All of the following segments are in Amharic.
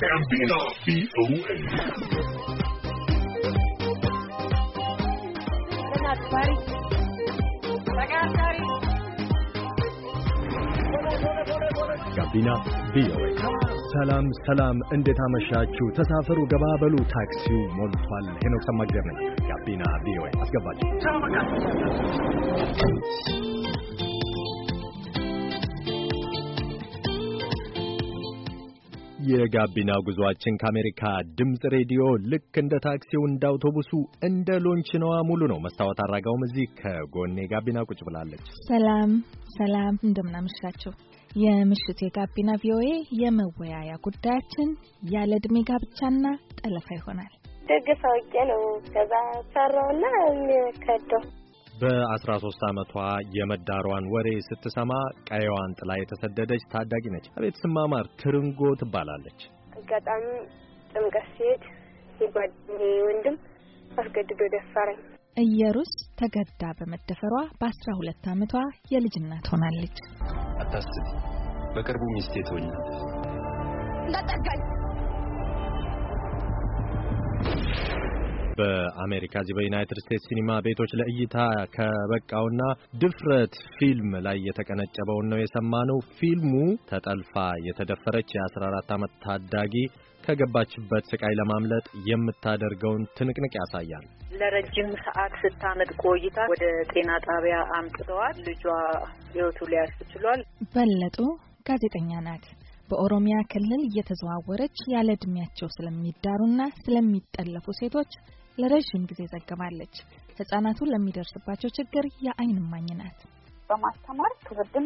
ጋቢና ቪኦኤ ጋቢና ቪኦኤ። ሰላም ሰላም፣ እንዴት አመሻችሁ? ተሳፈሩ፣ ገባበሉ፣ ታክሲው ሞልቷል። ሄኖክ ሰማግደር ነኝ። ጋቢና ቪኦኤ አስገባችሁ። የጋቢና ጉዞአችን ከአሜሪካ ድምፅ ሬዲዮ ልክ እንደ ታክሲው እንደ አውቶቡሱ እንደ ሎንችነዋ ሙሉ ነው። መስታወት አድራጋውም እዚህ ከጎኔ ጋቢና ቁጭ ብላለች። ሰላም ሰላም፣ እንደምናመሻችሁ። የምሽቱ የጋቢና ቪኦኤ የመወያያ ጉዳያችን ያለ እድሜ ጋብቻና ጠለፋ ይሆናል። ደግፍ አውቄ ነው ከዛ ሰራውና ከደው በ13 ዓመቷ የመዳሯን ወሬ ስትሰማ ቀየዋን ጥላ የተሰደደች ታዳጊ ነች። አቤት ስማማር ትርንጎ ትባላለች። አጋጣሚ ጥምቀት ሲሄድ የጓደኛዬ ወንድም አስገድዶ ደፈረኝ። እየሩስ ተገዳ በመደፈሯ በ12 ዓመቷ የልጅ ሆናለች። አታስብ፣ በቅርቡ ሚስቴ ትሆኛለች። እንዳጠጋኝ በአሜሪካ እዚህ በዩናይትድ ስቴትስ ሲኒማ ቤቶች ለእይታ ከበቃውና ድፍረት ፊልም ላይ የተቀነጨበውን ነው የሰማነው። ፊልሙ ተጠልፋ የተደፈረች የ14 ዓመት ታዳጊ ከገባችበት ስቃይ ለማምለጥ የምታደርገውን ትንቅንቅ ያሳያል። ለረጅም ሰዓት ስታመጥ ቆይታ ወደ ጤና ጣቢያ አምጥተዋል። ልጇ ህይወቱ ሊያልፍ ችሏል። በለጡ ጋዜጠኛ ናት። በኦሮሚያ ክልል እየተዘዋወረች ያለ ዕድሜያቸው ስለሚዳሩና ስለሚጠለፉ ሴቶች ለረዥም ጊዜ ዘግባለች። ህጻናቱ ለሚደርስባቸው ችግር የአይን እማኝ ናት። በማስተማር ትውልድም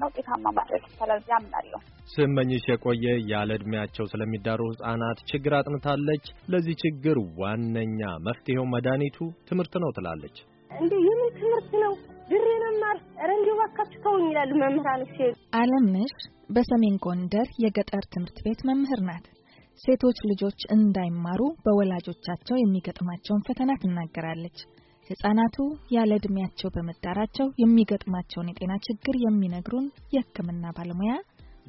ነው ውጤታማ ማድረግ ይቻላል ያምናለሁ። ስመኝሽ የቆየ ያለ ዕድሜያቸው ስለሚዳሩ ህጻናት ችግር አጥንታለች። ለዚህ ችግር ዋነኛ መፍትሄው መድኃኒቱ ትምህርት ነው ትላለች። እንዴ የምን ትምህርት ነው? ድሬ መማር ኧረ እንዲሁ እባካችሁ ተውኝ ይላሉ መምህራኖች። አለምሽ በሰሜን ጎንደር የገጠር ትምህርት ቤት መምህር ናት። ሴቶች ልጆች እንዳይማሩ በወላጆቻቸው የሚገጥማቸውን ፈተና ትናገራለች። ህጻናቱ ያለ ዕድሜያቸው በመዳራቸው የሚገጥማቸውን የጤና ችግር የሚነግሩን የህክምና ባለሙያ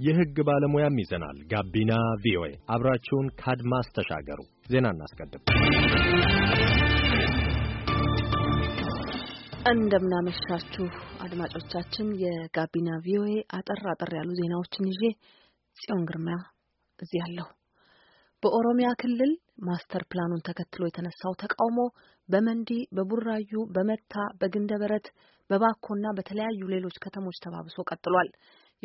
የህግ ባለሙያም ይዘናል። ጋቢና ቪኦኤ አብራችሁን ካድማስ ተሻገሩ። ዜና እናስቀድም። እንደምናመሻችሁ አድማጮቻችን፣ የጋቢና ቪኦኤ አጠር አጠር ያሉ ዜናዎችን ይዤ ጽዮን ግርማ እዚህ አለሁ። በኦሮሚያ ክልል ማስተር ፕላኑን ተከትሎ የተነሳው ተቃውሞ በመንዲ፣ በቡራዩ፣ በመታ፣ በግንደበረት፣ በባኮና በተለያዩ ሌሎች ከተሞች ተባብሶ ቀጥሏል።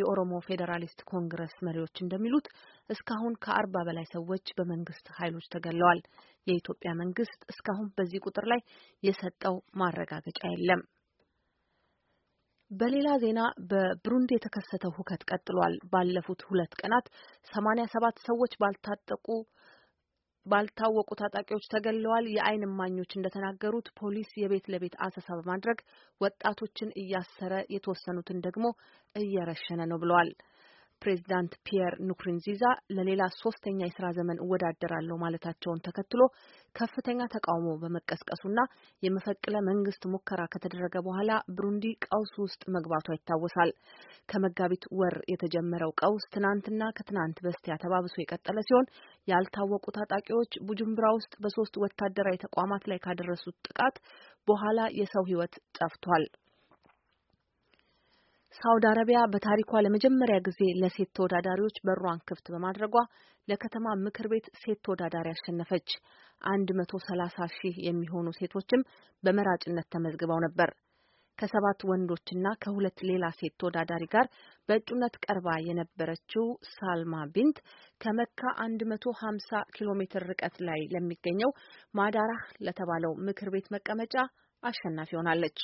የኦሮሞ ፌዴራሊስት ኮንግረስ መሪዎች እንደሚሉት እስካሁን ከአርባ በላይ ሰዎች በመንግስት ኃይሎች ተገለዋል። የኢትዮጵያ መንግስት እስካሁን በዚህ ቁጥር ላይ የሰጠው ማረጋገጫ የለም። በሌላ ዜና በብሩንዲ የተከሰተው ሁከት ቀጥሏል። ባለፉት ሁለት ቀናት ሰማኒያ ሰባት ሰዎች ባልታጠቁ ባልታወቁ ታጣቂዎች ተገለዋል። የዓይን እማኞች እንደተናገሩት ፖሊስ የቤት ለቤት አሰሳ በማድረግ ወጣቶችን እያሰረ የተወሰኑትን ደግሞ እየረሸነ ነው ብለዋል። ፕሬዚዳንት ፒየር ንኩሩንዚዛ ለሌላ ሶስተኛ የስራ ዘመን እወዳደራለሁ ማለታቸውን ተከትሎ ከፍተኛ ተቃውሞ በመቀስቀሱና የመፈቅለ መንግስት ሙከራ ከተደረገ በኋላ ብሩንዲ ቀውስ ውስጥ መግባቷ ይታወሳል። ከመጋቢት ወር የተጀመረው ቀውስ ትናንትና ከትናንት በስቲያ ተባብሶ የቀጠለ ሲሆን ያልታወቁ ታጣቂዎች ቡጁምብራ ውስጥ በሶስት ወታደራዊ ተቋማት ላይ ካደረሱት ጥቃት በኋላ የሰው ሕይወት ጠፍቷል። ሳውዲ አረቢያ በታሪኳ ለመጀመሪያ ጊዜ ለሴት ተወዳዳሪዎች በሯን ክፍት በማድረጓ ለከተማ ምክር ቤት ሴት ተወዳዳሪ አሸነፈች። አንድ መቶ ሰላሳ ሺህ የሚሆኑ ሴቶችም በመራጭነት ተመዝግበው ነበር። ከሰባት ወንዶችና ከሁለት ሌላ ሴት ተወዳዳሪ ጋር በእጩነት ቀርባ የነበረችው ሳልማ ቢንት ከመካ 150 ኪሎ ሜትር ርቀት ላይ ለሚገኘው ማዳራህ ለተባለው ምክር ቤት መቀመጫ አሸናፊ ሆናለች።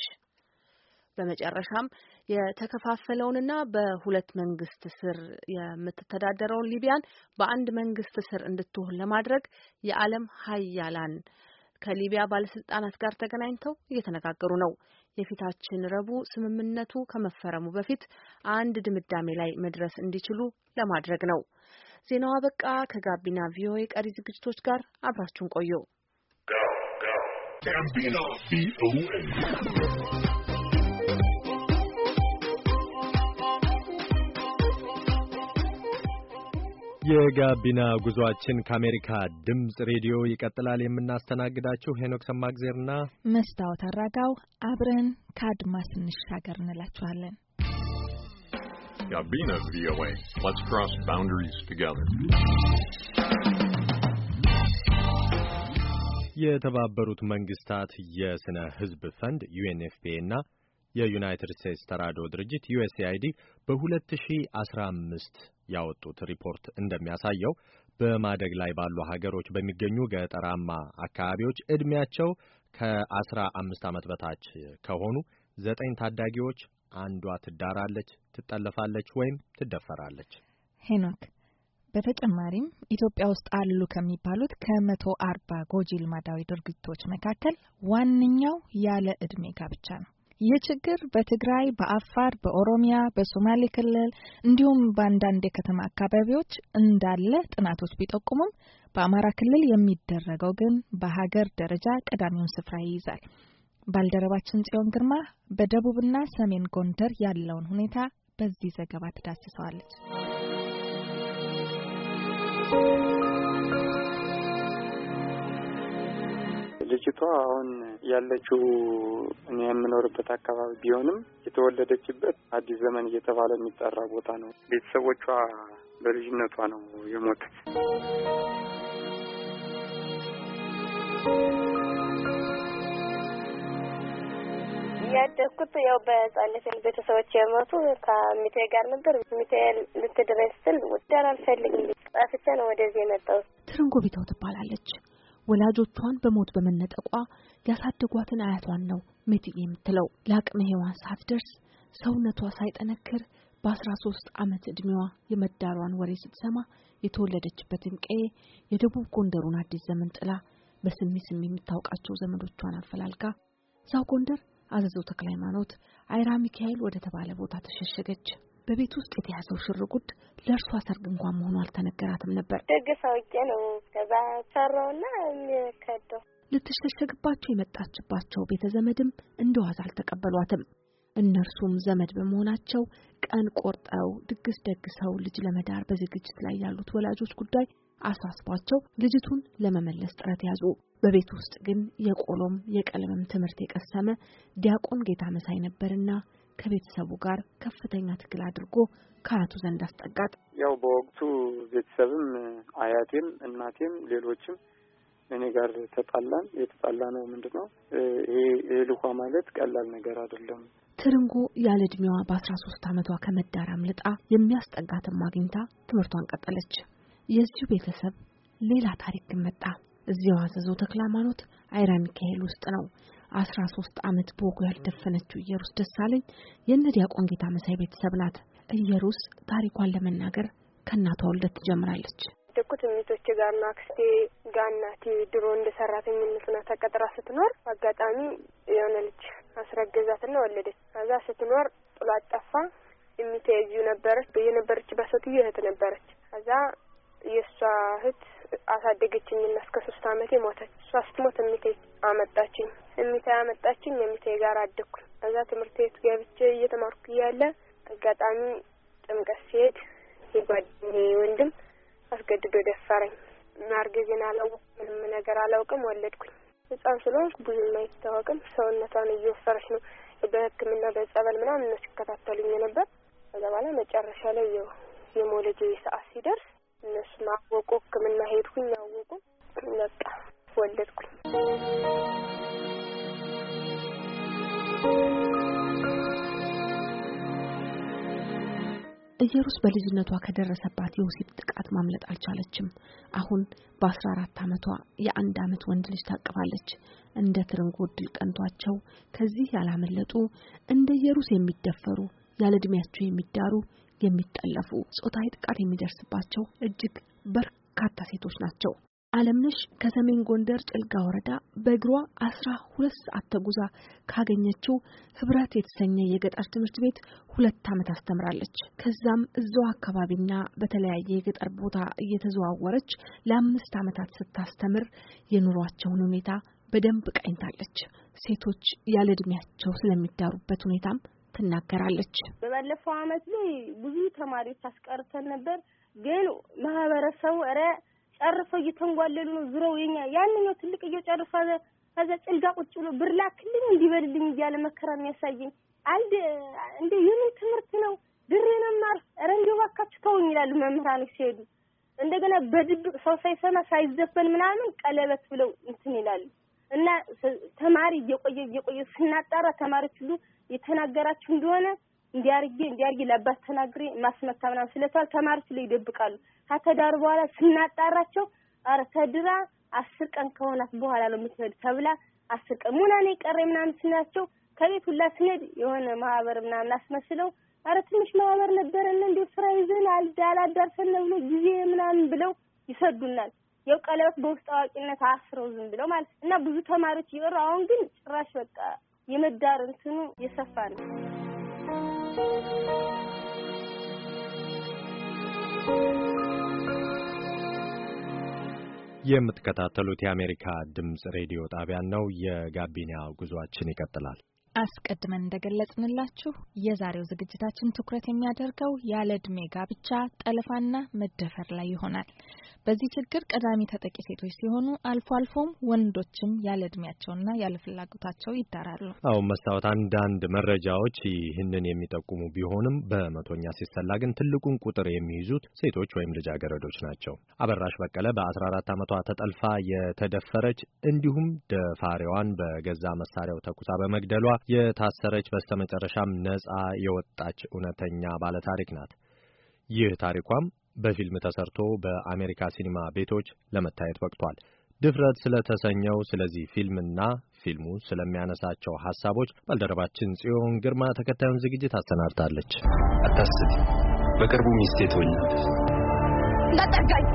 በመጨረሻም የተከፋፈለውንና በሁለት መንግስት ስር የምትተዳደረውን ሊቢያን በአንድ መንግስት ስር እንድትሆን ለማድረግ የዓለም ሀያላን ከሊቢያ ባለስልጣናት ጋር ተገናኝተው እየተነጋገሩ ነው። የፊታችን ረቡዕ ስምምነቱ ከመፈረሙ በፊት አንድ ድምዳሜ ላይ መድረስ እንዲችሉ ለማድረግ ነው። ዜናዋ በቃ። ከጋቢና ቪኦኤ ቀሪ ዝግጅቶች ጋር አብራችሁን ቆዩ። የጋቢና ጉዟችን ከአሜሪካ ድምፅ ሬዲዮ ይቀጥላል። የምናስተናግዳችሁ ሄኖክ ሰማግዜርና መስታወት አራጋው አብረን ከአድማስ እንሻገር እንላችኋለን። ጋቢና ቪኦኤ ሌትስ ክሮስ ባውንደሪስ ቱጌዘር የተባበሩት መንግስታት የስነ ህዝብ ፈንድ ዩኤንኤፍፒኤ እና የዩናይትድ ስቴትስ ተራድኦ ድርጅት ዩኤስኤአይዲ በ2015 ያወጡት ሪፖርት እንደሚያሳየው በማደግ ላይ ባሉ ሀገሮች በሚገኙ ገጠራማ አካባቢዎች እድሜያቸው ከአስራ አምስት ዓመት በታች ከሆኑ ዘጠኝ ታዳጊዎች አንዷ ትዳራለች፣ ትጠለፋለች ወይም ትደፈራለች። ሄኖክ በተጨማሪም ኢትዮጵያ ውስጥ አሉ ከሚባሉት ከመቶ አርባ ጎጂ ልማዳዊ ድርጊቶች መካከል ዋነኛው ያለ እድሜ ጋብቻ ነው። ይህ ችግር በትግራይ፣ በአፋር፣ በኦሮሚያ፣ በሶማሌ ክልል እንዲሁም በአንዳንድ የከተማ አካባቢዎች እንዳለ ጥናቶች ቢጠቁሙም በአማራ ክልል የሚደረገው ግን በሀገር ደረጃ ቀዳሚውን ስፍራ ይይዛል። ባልደረባችን ጽዮን ግርማ በደቡብና ሰሜን ጎንደር ያለውን ሁኔታ በዚህ ዘገባ ትዳስሰዋለች። ልጅቷ አሁን ያለችው እኔ የምኖርበት አካባቢ ቢሆንም የተወለደችበት አዲስ ዘመን እየተባለ የሚጠራ ቦታ ነው። ቤተሰቦቿ በልጅነቷ ነው የሞቱት። ያደግኩት ያው በህጻነት ቤተሰቦች የሞቱ ከሚቴ ጋር ነበር። ሚቴ ልትድረኝ ስትል ውዳር አልፈልግም ጠፍቼ ነው ወደዚህ የመጣው ትርንጎ ቤታው ትባላለች። ወላጆቿን በሞት በመነጠቋ ያሳደጓትን አያቷን ነው ሜትዬ የምትለው። ለአቅመ ሔዋን ሳትደርስ ሰውነቷ ሳይጠነክር በአስራ ሶስት ዓመት ዕድሜዋ የመዳሯን ወሬ ስትሰማ የተወለደችበትን ቀዬ የደቡብ ጎንደሩን አዲስ ዘመን ጥላ በስሚ ስም የምታውቃቸው ዘመዶቿን አፈላልጋ እዛው ጎንደር አዘዘው ተክለ ሃይማኖት አይራ ሚካኤል ወደ ተባለ ቦታ ተሸሸገች። በቤት ውስጥ የተያዘው ሽርጉድ ለእርሷ ሰርግ እንኳን መሆኑ አልተነገራትም ነበር። ደግስ አውቄ ነው ከዛ ሰራውና የሚከደው ልትሸሸግባቸው የመጣችባቸው ቤተ ዘመድም እንደዋዛ አልተቀበሏትም። እነርሱም ዘመድ በመሆናቸው ቀን ቆርጠው ድግስ ደግሰው ልጅ ለመዳር በዝግጅት ላይ ያሉት ወላጆች ጉዳይ አሳስቧቸው ልጅቱን ለመመለስ ጥረት ያዙ። በቤት ውስጥ ግን የቆሎም የቀለምም ትምህርት የቀሰመ ዲያቆን ጌታ መሳይ ነበርና ከቤተሰቡ ጋር ከፍተኛ ትግል አድርጎ ከአያቱ ዘንድ አስጠጋት። ያው በወቅቱ ቤተሰብም አያቴም እናቴም ሌሎችም እኔ ጋር ተጣላን። የተጣላ ነው ምንድን ነው ይሄ ልኳ ማለት ቀላል ነገር አይደለም። ትርንጎ ያለ እድሜዋ በአስራ ሶስት አመቷ ከመዳር አምልጣ የሚያስጠጋትም አግኝታ ትምህርቷን ቀጠለች። የዚሁ ቤተሰብ ሌላ ታሪክ ግን መጣ። እዚያው አዘዞ ተክለ ሃይማኖት አይራ ሚካኤል ውስጥ ነው አስራ ሶስት ዓመት በወጉ ያልደፈነችው ኢየሩስ ደሳለኝ የእነ ዲያቆን ጌታ መሳይ ቤተሰብ ናት። ኢየሩስ ታሪኳን ለመናገር ከእናቷ ወልደት ትጀምራለች። ያደግኩት እሚቶቼ ጋርና ነው። አክስቴ ጋር እናቴ ድሮ እንደ ሰራተኝነት ሆና ተቀጥራ ስትኖር አጋጣሚ የሆነ ልጅ አስረገዛትና ወለደች። ከዛ ስትኖር ጥሏት ጠፋ። እሚቴ እዚሁ ነበረች። በየነበረች ሴትዮ እህት ነበረች። ከዛ የእሷ እህት አሳደገችኝና እስከ ሶስት አመቴ ሞተች። እሷ ስትሞት እሚቴ አመጣችኝ። እሚታ ያመጣችኝ የሚቴ ጋር አደግኩ። ከዛ ትምህርት ቤት ገብቼ እየተማርኩ እያለ አጋጣሚ ጥምቀት ሲሄድ የጓደኛዬ ወንድም አስገድዶ ደፈረኝ። ማርገዜን አላውቅም፣ ምንም ነገር አላውቅም። ወለድኩኝ። ህጻን ስለሆንኩ ብዙም አይታወቅም። ሰውነቷን እየወፈረች ነው በሕክምና በጸበል ምናምን እነሱ ነበር። ከዛ በኋላ መጨረሻ ላይ የው የሞለጅ ሰዓት ሲደርስ እነሱ ማወቁ ሕክምና ሄድኩኝ። አወቁ፣ በቃ ወለድኩኝ። ኢየሩስ በልጅነቷ ከደረሰባት የወሲብ ጥቃት ማምለጥ አልቻለችም። አሁን በ14 ዓመቷ የአንድ ዓመት ወንድ ልጅ ታቅፋለች። እንደ ትርንጎ ድል ቀንቷቸው ከዚህ ያላመለጡ እንደ ኢየሩስ የሚደፈሩ ያለ የሚዳሩ የሚጠለፉ ጾታዊ ጥቃት የሚደርስባቸው እጅግ በርካታ ሴቶች ናቸው። አለምነሽ ከሰሜን ጎንደር ጭልጋ ወረዳ በእግሯ አስራ ሁለት ሰዓት ተጉዛ ካገኘችው ህብረት የተሰኘ የገጠር ትምህርት ቤት ሁለት ዓመት አስተምራለች። ከዛም እዛው አካባቢና በተለያየ የገጠር ቦታ እየተዘዋወረች ለአምስት ዓመታት ስታስተምር የኑሯቸውን ሁኔታ በደንብ ቃኝታለች። ሴቶች ያለ ስለሚዳሩበት ሁኔታም ትናገራለች። በባለፈው ዓመት ላይ ብዙ ተማሪዎች አስቀርተን ነበር፣ ግን ማህበረሰቡ ኧረ ጨርሰው እየተንጓለሉ ነው። ዙረው የኛ ያንኛው ትልቅ እየጨርሶ ከዛ ጭልጋ ቁጭ ብሎ ብር ላክልኝ እንዲበልልኝ እያለ መከራ የሚያሳየኝ አንድ እንደ የምን ትምህርት ነው? ድሬን ማር ኧረ እንደው እባካችሁ ተውኝ ይላሉ መምህራኖች ሲሄዱ። እንደገና በድብቅ ሰው ሳይሰማ ሳይዘፈን ምናምን ቀለበት ብለው እንትን ይላሉ። እና ተማሪ እየቆየ እየቆየ ስናጣራ ተማሪዎች ሁሉ የተናገራችሁ እንደሆነ እንዲያርጌ እንዲያርጌ ለአባት ተናግሬ ማስመታ ምናምን ስለተባለ ተማሪዎች ላይ ይደብቃሉ። ከተዳሩ በኋላ ስናጣራቸው ኧረ ተድራ አስር ቀን ከሆናት በኋላ ነው የምትሄድ ተብላ አስር ቀን ሙና ነው የቀረ ምናምን ስናቸው ከቤት ሁላ ስንሄድ የሆነ ማህበር ምናምን አስመስለው አረ ትንሽ ማህበር ነበረን እንዴ ስራ ይዘን አላዳርሰን ብሎ ጊዜ ምናምን ብለው ይሰዱናል። ያው ቀለበት በውስጥ አዋቂነት አስረው ዝም ብለው ማለት እና ብዙ ተማሪዎች እየቀሩ አሁን ግን ጭራሽ በቃ የመዳር እንትኑ የሰፋ ነው። Thank you. የምትከታተሉት የአሜሪካ ድምፅ ሬዲዮ ጣቢያን ነው። የጋቢና ጉዟችን ይቀጥላል። አስቀድመን እንደገለጽንላችሁ የዛሬው ዝግጅታችን ትኩረት የሚያደርገው ያለ ዕድሜ ጋብቻ ጠለፋና መደፈር ላይ ይሆናል። በዚህ ችግር ቀዳሚ ተጠቂ ሴቶች ሲሆኑ አልፎ አልፎም ወንዶችም ያለ እድሜያቸውና ያለ ፍላጎታቸው ይዳራሉ። አዎ መስታወት፣ አንዳንድ መረጃዎች ይህንን የሚጠቁሙ ቢሆንም በመቶኛ ሲሰላ ግን ትልቁን ቁጥር የሚይዙት ሴቶች ወይም ልጃገረዶች ናቸው። አበራሽ በቀለ በ14 ዓመቷ ተጠልፋ የተደፈረች እንዲሁም ደፋሪዋን በገዛ መሳሪያው ተኩሳ በመግደሏ የታሰረች በስተመጨረሻም ነጻ የወጣች እውነተኛ ባለታሪክ ናት። ይህ ታሪኳም በፊልም ተሰርቶ በአሜሪካ ሲኒማ ቤቶች ለመታየት በቅቷል። ድፍረት ስለተሰኘው ስለዚህ ፊልምና ፊልሙ ስለሚያነሳቸው ሐሳቦች ባልደረባችን ጽዮን ግርማ ተከታዩን ዝግጅት አሰናድታለች። አታስቢ፣ በቅርቡ ሚስቴ ትሆኛለች። እንዳጠጋኝ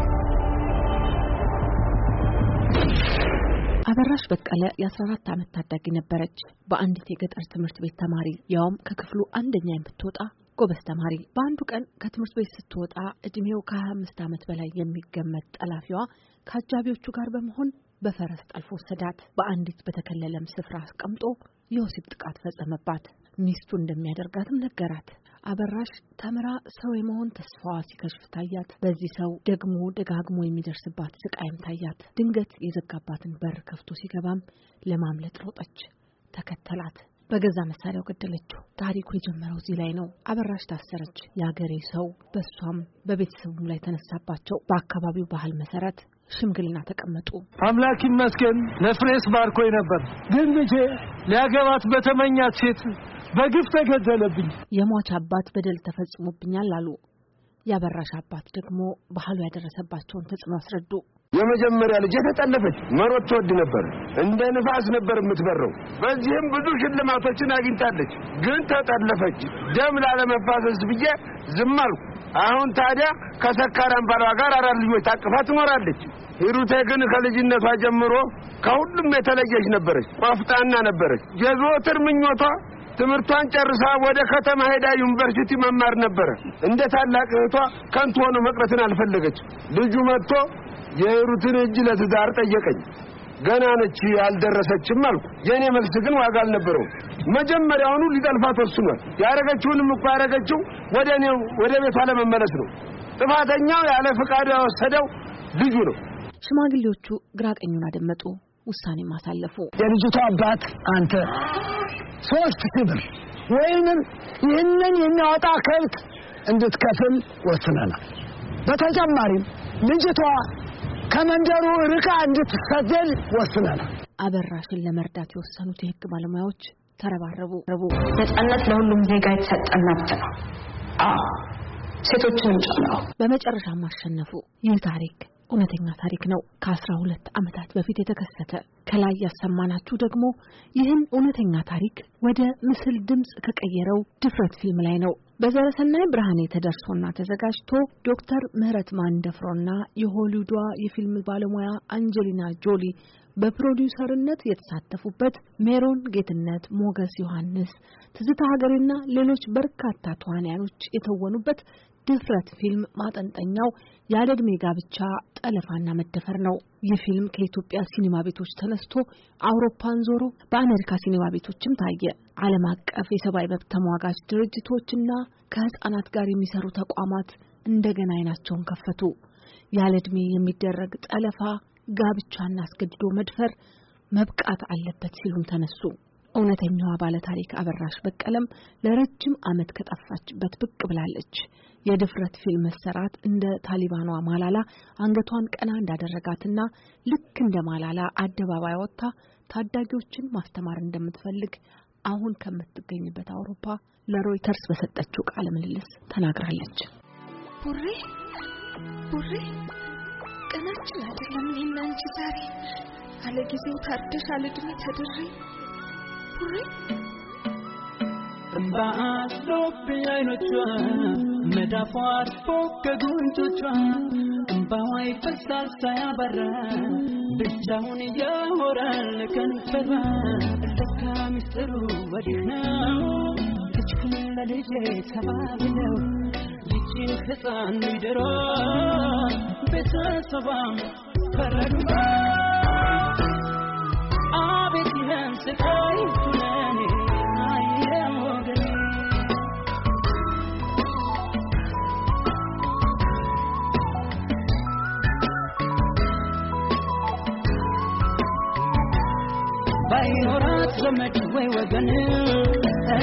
አበራሽ በቀለ የ14 ዓመት ታዳጊ ነበረች። በአንዲት የገጠር ትምህርት ቤት ተማሪ ያውም ከክፍሉ አንደኛ የምትወጣ ጎበዝ ተማሪ። በአንዱ ቀን ከትምህርት ቤት ስትወጣ እድሜው ከ25 ዓመት በላይ የሚገመት ጠላፊዋ ከአጃቢዎቹ ጋር በመሆን በፈረስ ጠልፎ ወሰዳት። በአንዲት በተከለለም ስፍራ አስቀምጦ የወሲብ ጥቃት ፈጸመባት። ሚስቱ እንደሚያደርጋትም ነገራት። አበራሽ ተምራ ሰው የመሆን ተስፋዋ ሲከሽፍ ታያት። በዚህ ሰው ደግሞ ደጋግሞ የሚደርስባት ስቃይም ታያት። ድንገት የዘጋባትን በር ከፍቶ ሲገባም ለማምለጥ ሮጠች፣ ተከተላት። በገዛ መሳሪያው ገደለችው። ታሪኩ የጀመረው እዚህ ላይ ነው። አበራሽ ታሰረች። የአገሬ ሰው በእሷም በቤተሰቡም ላይ ተነሳባቸው። በአካባቢው ባህል መሰረት ሽምግልና ተቀመጡ። አምላክ ይመስገን ለፍሬስ ባርኮኝ ነበር፣ ግን ልጄ ሊያገባት በተመኛት ሴት በግፍ ተገደለብኝ። የሟች አባት በደል ተፈጽሞብኛል አሉ። የአበራሽ አባት ደግሞ ባህሉ ያደረሰባቸውን ተጽዕኖ አስረዱ። የመጀመሪያ ልጅ የተጠለፈች መሮት ትወድ ነበር። እንደ ንፋስ ነበር የምትበረው። በዚህም ብዙ ሽልማቶችን አግኝታለች። ግን ተጠለፈች። ደም ላለመፋሰስ ብዬ ዝም አልኩ። አሁን ታዲያ ከሰካራም ባሏ ጋር አራት ልጆች ታቅፋ ትኖራለች። ሂሩቴ ግን ከልጅነቷ ጀምሮ ከሁሉም የተለየች ነበረች። ቆፍጣና ነበረች። የዘወትር ምኞቷ ትምህርቷን ጨርሳ ወደ ከተማ ሄዳ ዩኒቨርሲቲ መማር ነበረ። እንደ ታላቅ እህቷ ከንቱ ሆኖ መቅረትን አልፈለገች። ልጁ መጥቶ የሩትን እጅ ለትዳር ጠየቀኝ። ገና ነች ያልደረሰችም አልኩ። የእኔ መልስ ግን ዋጋ አልነበረውም። መጀመሪያውኑ ሊጠልፋት ወስኗል። ያደረገችውንም እኮ ያረገችው ወደ እኔው ወደ ቤቷ ለመመለስ ነው። ጥፋተኛው ያለ ፈቃዱ ያወሰደው ልጁ ነው። ሽማግሌዎቹ ግራ ቀኙን አደመጡ፣ ውሳኔ ማሳለፉ! የልጅቷ አባት አንተ ሶስት ሽብር ወይንም ይህንን የሚያወጣ ከብት እንድትከፍል ወስነናል። በተጨማሪም ልጅቷ ከመንደሩ ርቃ እንድትሰደድ ወስነን አበራሽን ለመርዳት የወሰኑት የህግ ባለሙያዎች ተረባረቡ። ነጻነት ለሁሉም ዜጋ የተሰጠን መብት ነው። አዎ ሴቶችንም ጨምሮ። በመጨረሻ ማሸነፉ ይህ ታሪክ እውነተኛ ታሪክ ነው። ከአስራ ሁለት ዓመታት በፊት የተከሰተ ከላይ ያሰማናችሁ ደግሞ ይህን እውነተኛ ታሪክ ወደ ምስል ድምፅ ከቀየረው ድፍረት ፊልም ላይ ነው። በዘረሰናይ ብርሃኔ ተደርሶና ተዘጋጅቶ ዶክተር ምህረት ማንደፍሮና የሆሊውዷ የፊልም ባለሙያ አንጀሊና ጆሊ በፕሮዲውሰርነት የተሳተፉበት ሜሮን ጌትነት፣ ሞገስ ዮሐንስ፣ ትዝታ ሀገሬና ሌሎች በርካታ ተዋንያኖች የተወኑበት ድፍረት ፊልም ማጠንጠኛው ያለ ጋብቻ፣ ጠለፋና መደፈር ነው። ይህ ፊልም ከኢትዮጵያ ሲኒማ ቤቶች ተነስቶ አውሮፓን ዞሮ በአሜሪካ ሲኒማ ቤቶችም ታየ። ዓለም አቀፍ የሰብአዊ መብት ተሟጋች ድርጅቶችና ከህጻናት ጋር የሚሰሩ ተቋማት እንደገና አይናቸውን ከፈቱ። ያለ የሚደረግ ጠለፋ፣ ጋብቻና አስገድዶ መድፈር መብቃት አለበት ሲሉም ተነሱ። እውነተኛዋ ባለታሪክ አበራሽ በቀለም ለረጅም ዓመት ከጠፋችበት ብቅ ብላለች። የድፍረት ፊልም መሰራት እንደ ታሊባኗ ማላላ አንገቷን ቀና እንዳደረጋትና ልክ እንደ ማላላ አደባባይ ወጥታ ታዳጊዎችን ማስተማር እንደምትፈልግ አሁን ከምትገኝበት አውሮፓ ለሮይተርስ በሰጠችው ቃለ ምልልስ ተናግራለች። ቡሬ ቡሬ ቀናችን አይደለም ይህን አንቺ ዛሬ አለ ጊዜው ታርደሽ አለ እምባ አፍሶብኝ አይኖቿ መዳፏ አርፎ ከጉንጮቿ እምባዋ ይፈሳል ሳያበራ ብቻውን እያወራል ከንፈሯ ለካ ምስጢሩ ወዲህ ነው ልጅክን ለልጄ ተባብለው ይቺን ሕፃን ሚድሮ ቤተሰባም ፈረዱ ባይኖራት ዘመድ ወይ ወገን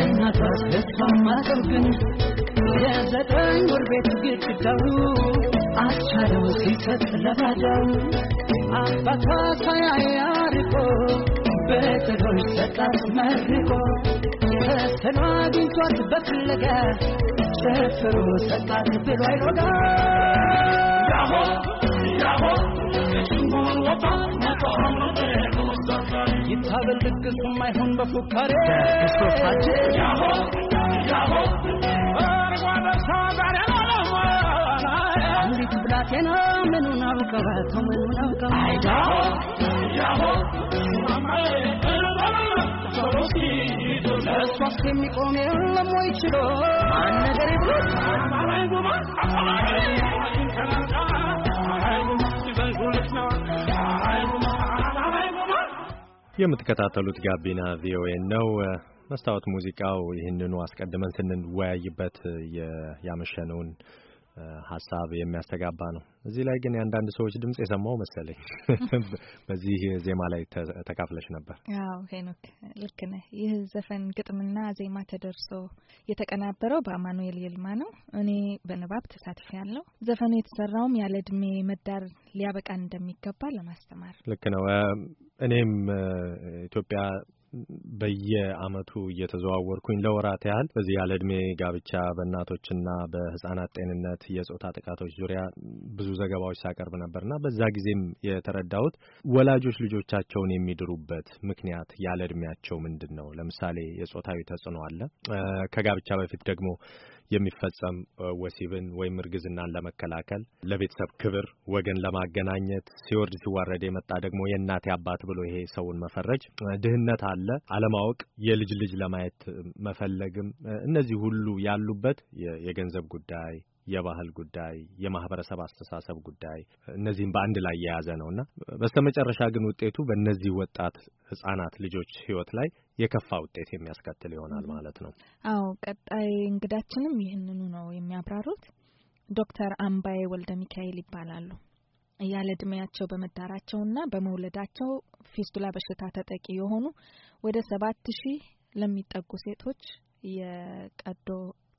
እናቷ ተስፋ ማቀርብን የዘጠኝ ወር ቤት ግድግዳው አስቻለው ሲሰጥ ለባዳው አባቷ ሳያያ ታርቆ በጥሎች ሰቃስ መርቆ የፈተኗ አግኝቷት በፍለጋ ሰፍሮ ሰቃት ብሎ አይሎጋ ያሆ ያሆ ይታበል ድግሱም አይሆን በፉካሬ ያሆ ያሆ ብላቴና ምኑን አውቀባት ምኑን አውቀባት የሚቆም የለም ወይ ችሎ ነገር የምትከታተሉት ጋቢና ቪኦኤ ነው። መስታወት ሙዚቃው ይህንኑ አስቀድመን ስንወያይበት ያመሸነውን ሀሳብ የሚያስተጋባ ነው። እዚህ ላይ ግን የአንዳንድ ሰዎች ድምጽ የሰማው መሰለኝ። በዚህ ዜማ ላይ ተካፍለሽ ነበር? አዎ ሄኖክ፣ ልክ ነህ። ይህ ዘፈን ግጥምና ዜማ ተደርሶ የተቀናበረው በአማኑኤል ይልማ ነው። እኔ በንባብ ተሳትፍ ያለው ዘፈኑ የተሰራውም ያለ እድሜ መዳር ሊያበቃን እንደሚገባ ለማስተማር ልክ ነው። እኔም ኢትዮጵያ በየአመቱ እየተዘዋወርኩኝ ለወራት ያህል በዚህ ያለ እድሜ ጋብቻ፣ በእናቶችና በህጻናት ጤንነት፣ የጾታ ጥቃቶች ዙሪያ ብዙ ዘገባዎች ሳቀርብ ነበርና በዛ ጊዜም የተረዳሁት ወላጆች ልጆቻቸውን የሚድሩበት ምክንያት ያለ እድሜያቸው ምንድን ነው? ለምሳሌ የጾታዊ ተጽዕኖ አለ። ከጋብቻ በፊት ደግሞ የሚፈጸም ወሲብን ወይም እርግዝናን ለመከላከል ለቤተሰብ ክብር፣ ወገን ለማገናኘት ሲወርድ ሲዋረድ የመጣ ደግሞ የእናቴ አባት ብሎ ይሄ ሰውን መፈረጅ፣ ድህነት አለ፣ አለማወቅ፣ የልጅ ልጅ ለማየት መፈለግም እነዚህ ሁሉ ያሉበት የገንዘብ ጉዳይ የባህል ጉዳይ፣ የማህበረሰብ አስተሳሰብ ጉዳይ እነዚህም በአንድ ላይ የያዘ ነው እና በስተመጨረሻ ግን ውጤቱ በእነዚህ ወጣት ህጻናት ልጆች ህይወት ላይ የከፋ ውጤት የሚያስከትል ይሆናል ማለት ነው። አዎ ቀጣይ እንግዳችንም ይህንኑ ነው የሚያብራሩት። ዶክተር አምባዬ ወልደ ሚካኤል ይባላሉ። ያለ እድሜያቸው እና በመውለዳቸው ፊስቱላ በሽታ ተጠቂ የሆኑ ወደ ሰባት ሺህ ለሚጠጉ ሴቶች የቀዶ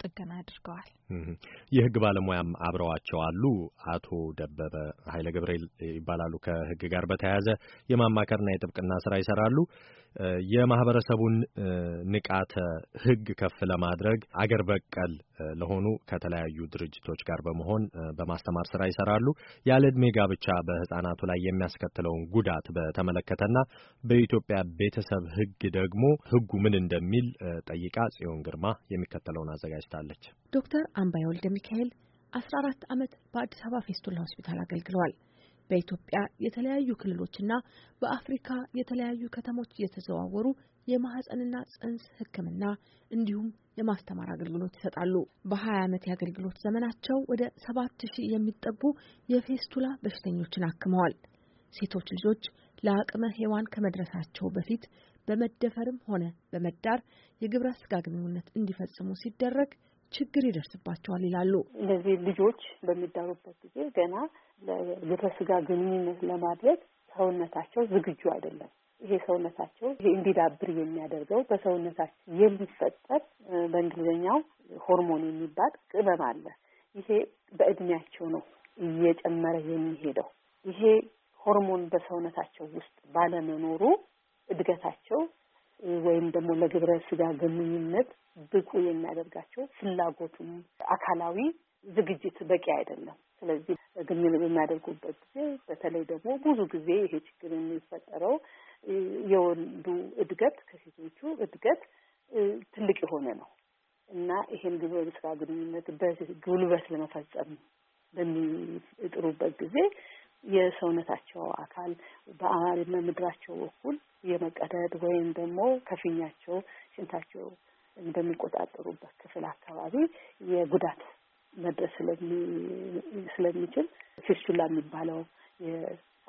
ጥገና አድርገዋል። የህግ ባለሙያም አብረዋቸው አሉ። አቶ ደበበ ኃይለ ገብርኤል ይባላሉ። ከህግ ጋር በተያያዘ የማማከርና የጥብቅና ስራ ይሰራሉ። የማህበረሰቡን ንቃተ ህግ ከፍ ለማድረግ አገር በቀል ለሆኑ ከተለያዩ ድርጅቶች ጋር በመሆን በማስተማር ስራ ይሰራሉ። ያለ ዕድሜ ጋብቻ በህጻናቱ ላይ የሚያስከትለውን ጉዳት በተመለከተና በኢትዮጵያ ቤተሰብ ህግ ደግሞ ህጉ ምን እንደሚል ጠይቃ ጽዮን ግርማ የሚከተለውን አዘጋጅታለች። ዶክተር አምባዬ ወልደ ሚካኤል 14 ዓመት በአዲስ አበባ ፌስቱላ ሆስፒታል አገልግለዋል። በኢትዮጵያ የተለያዩ ክልሎችና በአፍሪካ የተለያዩ ከተሞች እየተዘዋወሩ የማህፀንና ጽንስ ሕክምና እንዲሁም የማስተማር አገልግሎት ይሰጣሉ። በ20 ዓመት የአገልግሎት ዘመናቸው ወደ 7000 የሚጠጉ የፌስቱላ በሽተኞችን አክመዋል። ሴቶች ልጆች ለአቅመ ሔዋን ከመድረሳቸው በፊት በመደፈርም ሆነ በመዳር የግብረ ስጋ ግንኙነት እንዲፈጽሙ ሲደረግ ችግር ይደርስባቸዋል ይላሉ። እነዚህ ልጆች በሚዳሩበት ጊዜ ገና ስጋ ግንኙነት ለማድረግ ሰውነታቸው ዝግጁ አይደለም። ይሄ ሰውነታቸው ይሄ እንዲዳብር የሚያደርገው በሰውነታቸው የሚፈጠር በእንግሊዝኛው ሆርሞን የሚባል ቅመም አለ። ይሄ በእድሜያቸው ነው እየጨመረ የሚሄደው። ይሄ ሆርሞን በሰውነታቸው ውስጥ ባለመኖሩ እድገታቸው ወይም ደግሞ ለግብረ ስጋ ግንኙነት ብቁ የሚያደርጋቸው ፍላጎቱም አካላዊ ዝግጅት በቂ አይደለም። ስለዚህ ግንኙነት በሚያደርጉበት ጊዜ በተለይ ደግሞ ብዙ ጊዜ ይሄ ችግር የሚፈጠረው የወንዱ እድገት ከሴቶቹ እድገት ትልቅ የሆነ ነው እና ይሄን ግብረ ስጋ ግንኙነት በጉልበት ለመፈጸም በሚጥሩበት ጊዜ የሰውነታቸው አካል በአመድራቸው በኩል የመቀደድ ወይም ደግሞ ከፊኛቸው ሽንታቸው እንደሚቆጣጠሩበት ክፍል አካባቢ የጉዳት መድረስ ስለሚችል ፊስቱላ የሚባለው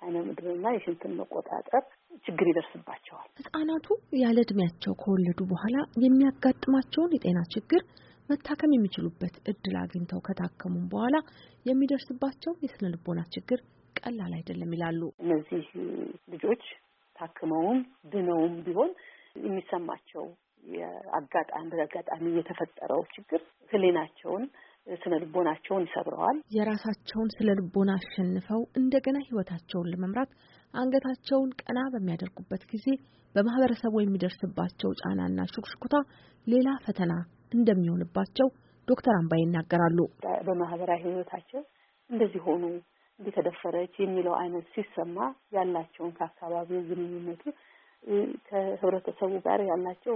አይነ ምድርና የሽንትን መቆጣጠር ችግር ይደርስባቸዋል። ህጻናቱ ያለ እድሜያቸው ከወለዱ በኋላ የሚያጋጥማቸውን የጤና ችግር መታከም የሚችሉበት እድል አግኝተው ከታከሙም በኋላ የሚደርስባቸው የስነ ልቦና ችግር ቀላል አይደለም ይላሉ። እነዚህ ልጆች ታክመውም ድነውም ቢሆን የሚሰማቸው አጋጣሚ በአጋጣሚ የተፈጠረው ችግር ሕሊናቸውን ስነ ልቦናቸውን ይሰብረዋል። የራሳቸውን ስነ ልቦና አሸንፈው እንደገና ህይወታቸውን ለመምራት አንገታቸውን ቀና በሚያደርጉበት ጊዜ በማህበረሰቡ የሚደርስባቸው ጫናና ሹክሹክታ ሌላ ፈተና እንደሚሆንባቸው ዶክተር አምባ ይናገራሉ። በማህበራዊ ህይወታቸው እንደዚህ ሆኑ እንዲህ የሚለው አይነት ሲሰማ ያላቸውን ከአካባቢው ግንኙነቱ ከህብረተሰቡ ጋር ያላቸው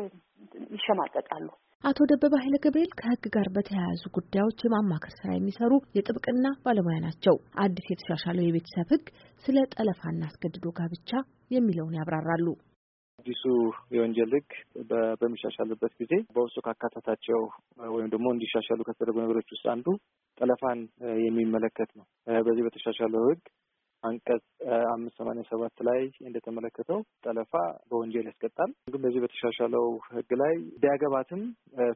ይሸማቀቃሉ። አቶ ደበበ ኃይለ ገብርኤል ከህግ ጋር በተያያዙ ጉዳዮች የማማከር ስራ የሚሰሩ የጥብቅና ባለሙያ ናቸው። አዲስ የተሻሻለው የቤተሰብ ህግ ስለ ጠለፋና አስገድዶ ጋብቻ የሚለውን ያብራራሉ። አዲሱ የወንጀል ህግ በሚሻሻልበት ጊዜ በውስጡ ካካተታቸው ወይም ደግሞ እንዲሻሻሉ ከተደረጉ ነገሮች ውስጥ አንዱ ጠለፋን የሚመለከት ነው። በዚህ በተሻሻለው ህግ አንቀጽ አምስት ሰማንያ ሰባት ላይ እንደተመለከተው ጠለፋ በወንጀል ያስቀጣል። ግን በዚህ በተሻሻለው ህግ ላይ ቢያገባትም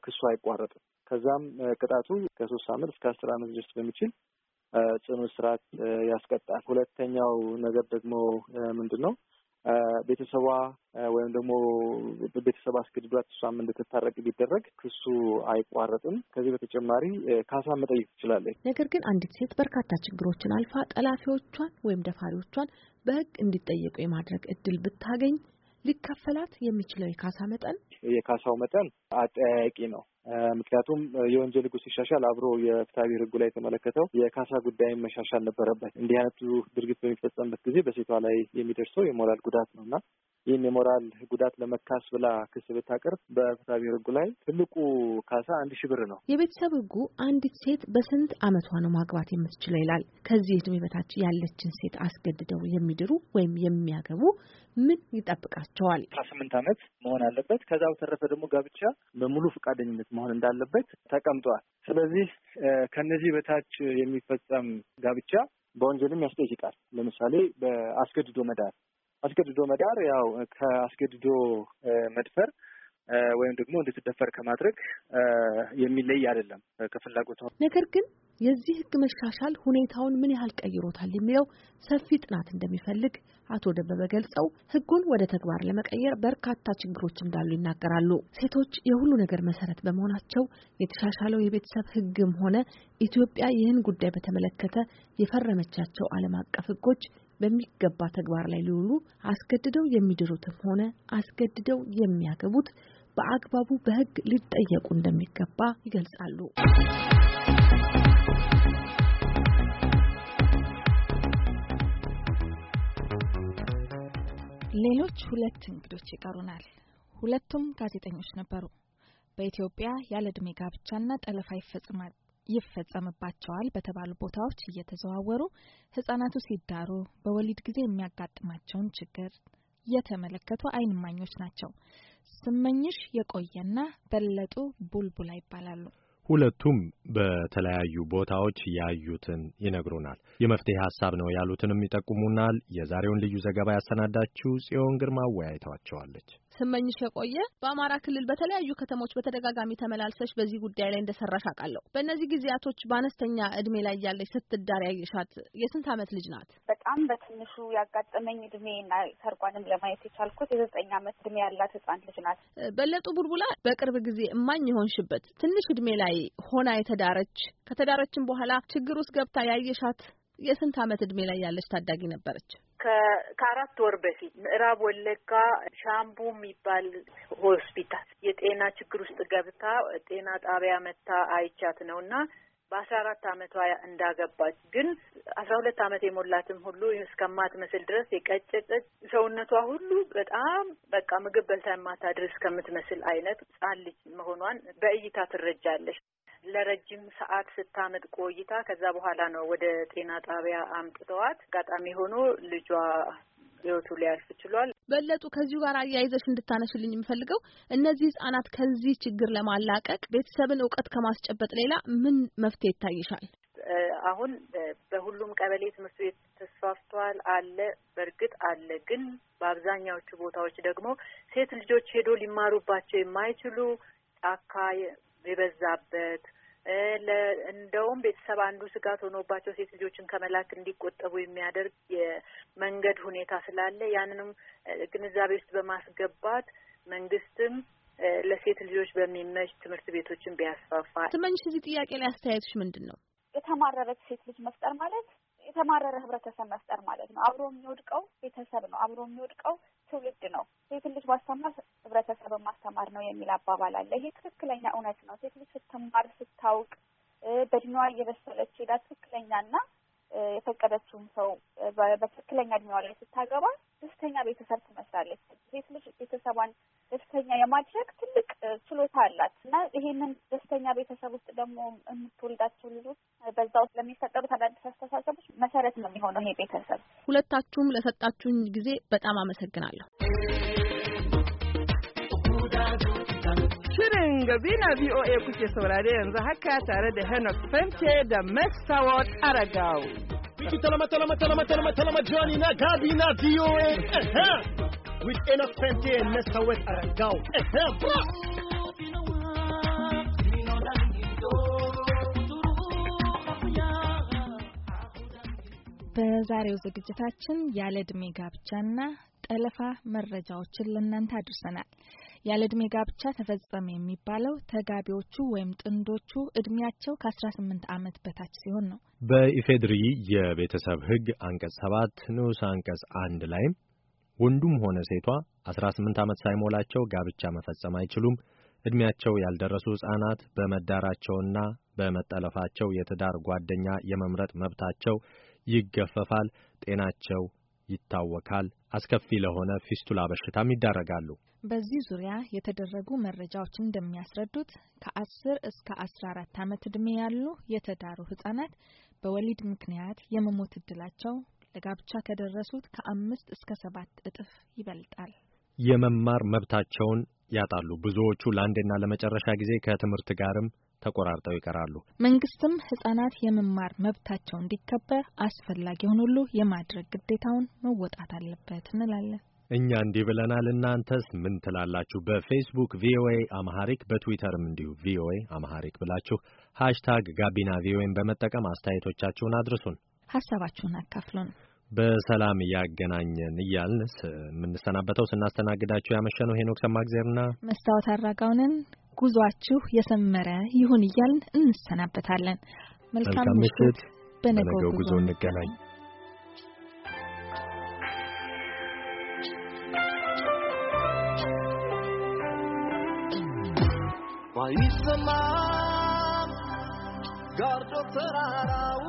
ክሱ አይቋረጥም። ከዛም ቅጣቱ ከሶስት አመት እስከ አስር አመት ድረስ በሚችል ጽኑ እስራት ያስቀጣል። ሁለተኛው ነገር ደግሞ ምንድን ነው? ቤተሰቧ ወይም ደግሞ ቤተሰብ አስገድዷት እሷም እንድትታረቅ ቢደረግ ክሱ አይቋረጥም። ከዚህ በተጨማሪ ካሳ መጠየቅ ትችላለች። ነገር ግን አንዲት ሴት በርካታ ችግሮችን አልፋ ጠላፊዎቿን ወይም ደፋሪዎቿን በሕግ እንዲጠየቁ የማድረግ እድል ብታገኝ ሊከፈላት የሚችለው የካሳ መጠን የካሳው መጠን አጠያያቂ ነው። ምክንያቱም የወንጀል ህጉ ሲሻሻል አብሮ የፍትሐብሔር ህጉ ላይ የተመለከተው የካሳ ጉዳይ መሻሻል ነበረበት። እንዲህ አይነቱ ድርጊት በሚፈጸምበት ጊዜ በሴቷ ላይ የሚደርሰው የሞራል ጉዳት ነው እና ይህን የሞራል ጉዳት ለመካስ ብላ ክስ ብታቀርብ በፍትሐ ብሔር ህጉ ላይ ትልቁ ካሳ አንድ ሺህ ብር ነው። የቤተሰብ ህጉ አንዲት ሴት በስንት አመቷ ነው ማግባት የምትችለው ይላል። ከዚህ እድሜ በታች ያለችን ሴት አስገድደው የሚድሩ ወይም የሚያገቡ ምን ይጠብቃቸዋል? አስራ ስምንት አመት መሆን አለበት። ከዛ በተረፈ ደግሞ ጋብቻ በሙሉ ፈቃደኝነት መሆን እንዳለበት ተቀምጧል። ስለዚህ ከነዚህ በታች የሚፈጸም ጋብቻ በወንጀልም ያስጠይቃል። ለምሳሌ በአስገድዶ መዳር አስገድዶ መዳር ያው ከአስገድዶ መድፈር ወይም ደግሞ እንድትደፈር ከማድረግ የሚለይ አይደለም ከፍላጎት። ነገር ግን የዚህ ህግ መሻሻል ሁኔታውን ምን ያህል ቀይሮታል የሚለው ሰፊ ጥናት እንደሚፈልግ አቶ ደበበ ገልጸው ህጉን ወደ ተግባር ለመቀየር በርካታ ችግሮች እንዳሉ ይናገራሉ። ሴቶች የሁሉ ነገር መሰረት በመሆናቸው የተሻሻለው የቤተሰብ ህግም ሆነ ኢትዮጵያ ይህን ጉዳይ በተመለከተ የፈረመቻቸው ዓለም አቀፍ ህጎች በሚገባ ተግባር ላይ ሊውሉ አስገድደው የሚድሩትም ሆነ አስገድደው የሚያገቡት በአግባቡ በሕግ ሊጠየቁ እንደሚገባ ይገልጻሉ። ሌሎች ሁለት እንግዶች ይቀሩናል። ሁለቱም ጋዜጠኞች ነበሩ። በኢትዮጵያ ያለ ዕድሜ ጋብቻና ጠለፋ ይፈጽማል ይፈጸምባቸዋል በተባሉ ቦታዎች እየተዘዋወሩ ህጻናቱ ሲዳሩ በወሊድ ጊዜ የሚያጋጥማቸውን ችግር የተመለከቱ አይን እማኞች ናቸው። ስመኝሽ የቆየና በለጡ ቡልቡላ ይባላሉ። ሁለቱም በተለያዩ ቦታዎች ያዩትን ይነግሩናል። የመፍትሄ ሀሳብ ነው ያሉትንም ይጠቁሙናል። የዛሬውን ልዩ ዘገባ ያሰናዳችው ጽዮን ግርማ አወያይተዋቸዋለች። ስመኝሽ የቆየ በአማራ ክልል በተለያዩ ከተሞች በተደጋጋሚ ተመላልሰሽ በዚህ ጉዳይ ላይ እንደሰራሽ አውቃለሁ። በእነዚህ ጊዜያቶች በአነስተኛ እድሜ ላይ ያለች ስትዳር ያየሻት የስንት ዓመት ልጅ ናት? በጣም በትንሹ ያጋጠመኝ እድሜ እና ሰርጓንም ለማየት የቻልኩት የዘጠኝ ዓመት እድሜ ያላት ህጻን ልጅ ናት። በለጡ ቡልቡላ በቅርብ ጊዜ እማኝ የሆንሽበት ትንሽ እድሜ ላይ ሆና የተዳረች ከተዳረችም በኋላ ችግር ውስጥ ገብታ ያየሻት የስንት ዓመት እድሜ ላይ ያለች ታዳጊ ነበረች? ከአራት ወር በፊት ምዕራብ ወለጋ ሻምቡ የሚባል ሆስፒታል የጤና ችግር ውስጥ ገብታ ጤና ጣቢያ መታ አይቻት ነው እና በአስራ አራት አመቷ እንዳገባች ግን አስራ ሁለት አመት የሞላትም ሁሉ እስከማትመስል ድረስ የቀጨጨች ሰውነቷ ሁሉ በጣም በቃ ምግብ በልታ የማታድር እስከምትመስል አይነት ጻን ልጅ መሆኗን በእይታ ትረጃለች። ለረጅም ሰዓት ስታምጥ ቆይታ ከዛ በኋላ ነው ወደ ጤና ጣቢያ አምጥተዋት አጋጣሚ ሆኖ ልጇ ህይወቱ ሊያልፍ ችሏል። በለጡ ከዚሁ ጋር አያይዘሽ እንድታነሱልኝ የምፈልገው እነዚህ ህጻናት ከዚህ ችግር ለማላቀቅ ቤተሰብን እውቀት ከማስጨበጥ ሌላ ምን መፍትሄ ይታይሻል? አሁን በሁሉም ቀበሌ ትምህርት ቤት ተስፋፍቷል አለ፣ በእርግጥ አለ። ግን በአብዛኛዎቹ ቦታዎች ደግሞ ሴት ልጆች ሄዶ ሊማሩባቸው የማይችሉ ጫካ የበዛበት እንደውም ቤተሰብ አንዱ ስጋት ሆኖባቸው ሴት ልጆችን ከመላክ እንዲቆጠቡ የሚያደርግ የመንገድ ሁኔታ ስላለ ያንንም ግንዛቤ ውስጥ በማስገባት መንግስትም ለሴት ልጆች በሚመች ትምህርት ቤቶችን ቢያስፋፋ። ትመንሽ እዚህ ጥያቄ ላይ አስተያየቶች ምንድን ነው? የተማረረች ሴት ልጅ መፍጠር ማለት የተማረረ ህብረተሰብ መፍጠር ማለት ነው። አብሮ የሚወድቀው ቤተሰብ ነው። አብሮ የሚወድቀው ትውልድ ነው። ሴት ልጅ ማስተማር ህብረተሰብን ማስተማር ነው የሚል አባባል አለ። ይሄ ትክክለኛ እውነት ነው። ሴት ልጅ ስትማር፣ ስታውቅ፣ በእድሜዋ እየበሰለች ሄዳ ትክክለኛና የፈቀደችውን ሰው በትክክለኛ እድሜዋ ላይ ስታገባ ደስተኛ ቤተሰብ ትመስላለች። ሴት ልጅ ቤተሰቧን ደስተኛ የማድረግ ትልቅ ችሎታ አላት እና ይሄንን ደስተኛ ቤተሰብ ውስጥ ደግሞ የምትወልዳቸው ልጆች በዛ ውስጥ ለሚፈጠሩት አዳዲስ አስተሳሰቦች መሰረት ነው የሚሆነው ይሄ ቤተሰብ። ሁለታችሁም ለሰጣችሁኝ ጊዜ በጣም አመሰግናለሁ። Shirin Gabina VOA kuke saurare yanzu haka tare da Henok Fente da Max Mestaward Aragaw. Miki talama talama talama talama talama Johnny na Gabina VOA. With Henok Fente and Max Mestaward Aragaw. በዛሬው ዝግጅታችን ያለ ዕድሜ ጋብቻና ጠለፋ መረጃዎችን ለእናንተ አድርሰናል። ያለ እድሜ ጋብቻ ተፈጸመ የሚባለው ተጋቢዎቹ ወይም ጥንዶቹ እድሜያቸው ከ18 ዓመት በታች ሲሆን ነው። በኢፌድሪ የቤተሰብ ህግ አንቀጽ ሰባት ንዑስ አንቀጽ አንድ ላይም ወንዱም ሆነ ሴቷ 18 ዓመት ሳይሞላቸው ጋብቻ መፈጸም አይችሉም። እድሜያቸው ያልደረሱ ህጻናት በመዳራቸውና በመጠለፋቸው የትዳር ጓደኛ የመምረጥ መብታቸው ይገፈፋል። ጤናቸው ይታወካል፣ አስከፊ ለሆነ ፊስቱላ በሽታም ይዳረጋሉ። በዚህ ዙሪያ የተደረጉ መረጃዎች እንደሚያስረዱት ከ10 እስከ 14 ዓመት ዕድሜ ያሉ የተዳሩ ህጻናት በወሊድ ምክንያት የመሞት እድላቸው ለጋብቻ ከደረሱት ከአምስት እስከ ሰባት እጥፍ ይበልጣል። የመማር መብታቸውን ያጣሉ። ብዙዎቹ ለአንዴና ለመጨረሻ ጊዜ ከትምህርት ጋርም ተቆራርጠው ይቀራሉ። መንግስትም ህጻናት የመማር መብታቸው እንዲከበር አስፈላጊውን ሁሉ የማድረግ ግዴታውን መወጣት አለበት እንላለን። እኛ እንዲህ ብለናል። እናንተስ ምን ትላላችሁ? በፌስቡክ ቪኦኤ አማሐሪክ በትዊተርም እንዲሁ ቪኦኤ አማሐሪክ ብላችሁ ሃሽታግ ጋቢና ቪኦኤን በመጠቀም አስተያየቶቻችሁን አድርሱን፣ ሀሳባችሁን አካፍሉን። በሰላም እያገናኘን እያልን የምንሰናበተው ስናስተናግዳችሁ ያመሸነው ሄኖክ ሰማግዜርና መስታወት አራጋውንን ጉዟችሁ የሰመረ ይሁን እያልን እንሰናበታለን። መልካም ምሽት። በነገው ጉዞ እንገናኝ። ባይሰማም ጋርዶ ተራራው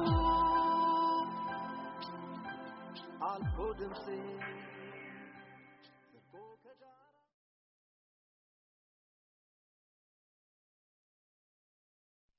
አልፎ ድምፄ